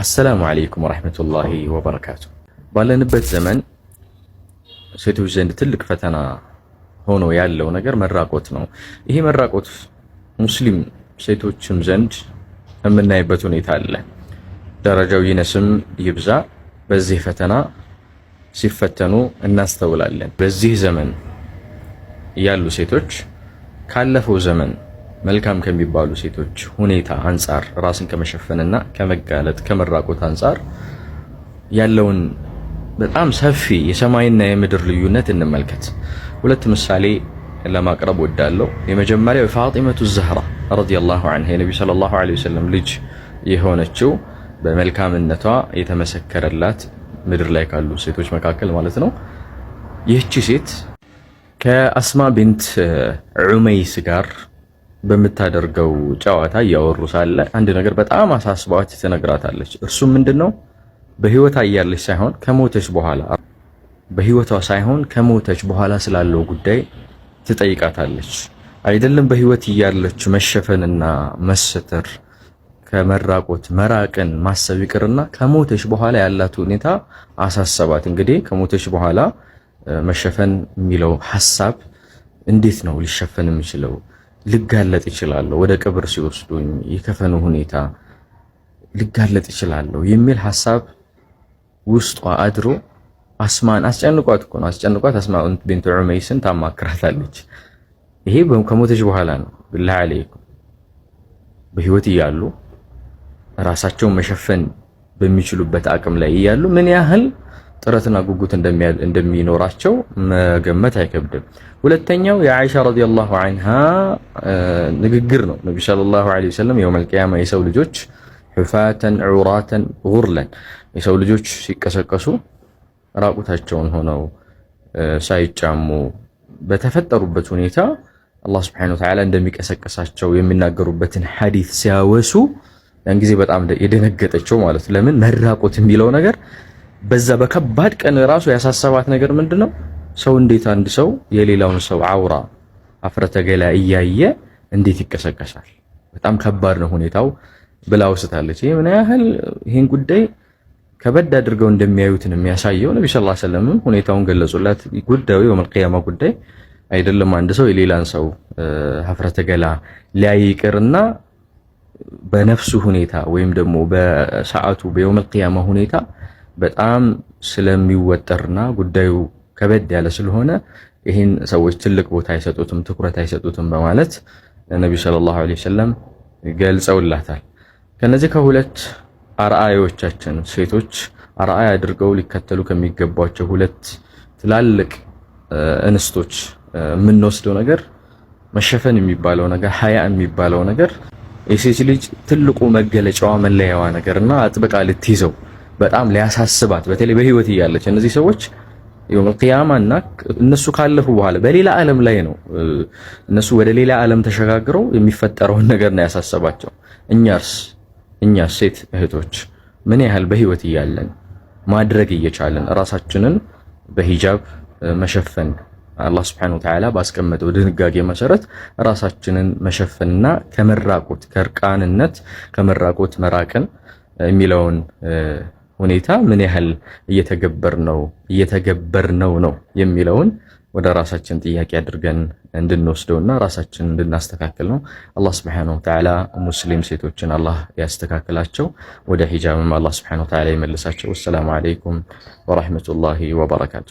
አሰላሙ አለይኩም ወራህመቱላሂ ወበረካቱ። ባለንበት ዘመን ሴቶች ዘንድ ትልቅ ፈተና ሆኖ ያለው ነገር መራቆት ነው። ይሄ መራቆት ሙስሊም ሴቶችም ዘንድ የምናይበት ሁኔታ አለ። ደረጃው ይነስም ይብዛ በዚህ ፈተና ሲፈተኑ እናስተውላለን። በዚህ ዘመን ያሉ ሴቶች ካለፈው ዘመን መልካም ከሚባሉ ሴቶች ሁኔታ አንጻር ራስን ከመሸፈንና ከመጋለጥ ከመራቆት አንጻር ያለውን በጣም ሰፊ የሰማይና የምድር ልዩነት እንመልከት። ሁለት ምሳሌ ለማቅረብ ወዳለው። የመጀመሪያው የፋጢመቱ ዘህራ ረዲየላሁ ዐንሃ የነቢ ሰለላሁ ዐለይሂ ወሰለም ልጅ የሆነችው በመልካምነቷ የተመሰከረላት ምድር ላይ ካሉ ሴቶች መካከል ማለት ነው። ይህቺ ሴት ከአስማ ቢንት ዑመይስ ጋር በምታደርገው ጨዋታ እያወሩ ሳለ አንድ ነገር በጣም አሳስባዋች ትነግራታለች። እርሱ ምንድን ነው በህይወት እያለች ሳይሆን ከሞተች በኋላ በህይወቷ ሳይሆን ከሞተች በኋላ ስላለው ጉዳይ ትጠይቃታለች። አይደለም በህይወት እያለች መሸፈንና መሰተር ከመራቆት መራቅን ማሰብ ይቅርና ከሞተች በኋላ ያላት ሁኔታ አሳሰባት። እንግዲህ ከሞተች በኋላ መሸፈን የሚለው ሀሳብ እንዴት ነው ሊሸፈን የሚችለው? ልጋለጥ ይችላለሁ፣ ወደ ቀብር ሲወስዱኝ የከፈኑ ሁኔታ ልጋለጥ ይችላለሁ የሚል ሀሳብ ውስጧ አድሮ አስማን አስጨንቋት እኮ ነው። አስጨንቋት አስማ ቢንት ዑመይስን ታማክራታለች። ይሄ ከሞተች በኋላ ነው። ብላህ አለይኩም በህይወት እያሉ ራሳቸውን መሸፈን በሚችሉበት አቅም ላይ እያሉ ምን ያህል ጥረትና ጉጉት እንደሚኖራቸው መገመት አይከብድም። ሁለተኛው የአይሻ ረዲየላሁ አንሃ ንግግር ነው። ነቢ ሰለላሁ ዐለይሂ ወሰለም የውመል ቂያማ የሰው ልጆች ሑፋተን ዑራተን ጉርለን የሰው ልጆች ሲቀሰቀሱ ራቁታቸውን ሆነው ሳይጫሙ በተፈጠሩበት ሁኔታ አላህ ሱብሓነሁ ወተዓላ እንደሚቀሰቀሳቸው የሚናገሩበትን ሐዲስ ሲያወሱ ያን ጊዜ በጣም የደነገጠቸው ማለት ለምን መራቆት የሚለው ነገር በዛ በከባድ ቀን ራሱ ያሳሰባት ነገር ምንድነው? ሰው እንዴት አንድ ሰው የሌላውን ሰው አውራ አፍረተ ገላ እያየ እንዴት ይቀሰቀሳል? በጣም ከባድ ነው ሁኔታው ብላ ውስታለች። ይሄ ምን ያህል ይሄን ጉዳይ ከበድ አድርገው እንደሚያዩትን የሚያሳየው ነብዩ ሰለላሁ ዐለይሂ ወሰለም ሁኔታውን ገለጹላት። ጉዳዩ የመልቂያማ ጉዳይ አይደለም። አንድ ሰው የሌላን ሰው ሀፍረተ ገላ ሊያይቅርና በነፍሱ ሁኔታ ወይም ደግሞ በሰዓቱ በየውመል ቂያማ ሁኔታ በጣም ስለሚወጠርና ጉዳዩ ከበድ ያለ ስለሆነ ይህን ሰዎች ትልቅ ቦታ አይሰጡትም፣ ትኩረት አይሰጡትም በማለት ነቢዩ ሰለላሁ ዐለይሂ ወሰለም ገልጸውላታል። ከነዚህ ከሁለት አርአዮቻችን ሴቶች አርአይ አድርገው ሊከተሉ ከሚገባቸው ሁለት ትላልቅ እንስቶች የምንወስደው ነገር መሸፈን የሚባለው ነገር ሀያ የሚባለው ነገር የሴት ልጅ ትልቁ መገለጫዋ መለያዋ ነገርና አጥብቃ ልትይዘው በጣም ሊያሳስባት በተለይ በህይወት እያለች እነዚህ ሰዎች የውም እና እነሱ ካለፉ በኋላ በሌላ ዓለም ላይ ነው እነሱ ወደ ሌላ ዓለም ተሸጋግረው የሚፈጠረውን ነገር ነው ያሳሰባቸው። እኛስ እኛ ሴት እህቶች ምን ያህል በህይወት እያለን ማድረግ እየቻለን ራሳችንን በሂጃብ መሸፈን አላህ ስብሐነሁ ወተዓላ ባስቀመጠው ድንጋጌ መሰረት ራሳችንን መሸፈንና ከመራቆት ከእርቃንነት ከመራቆት መራቅን የሚለውን ሁኔታ ምን ያህል እየተገበር ነው እየተገበር ነው ነው የሚለውን ወደ ራሳችን ጥያቄ አድርገን እንድንወስደውና ራሳችን እንድናስተካክል ነው። አላህ ስብሐነሁ ወተዓላ ሙስሊም ሴቶችን አላህ ያስተካክላቸው፣ ወደ ሂጃብም አላህ ስብሐነሁ ወተዓላ ይመልሳቸው። ወሰላሙ አለይኩም ወራህመቱላሂ ወበረካቱ።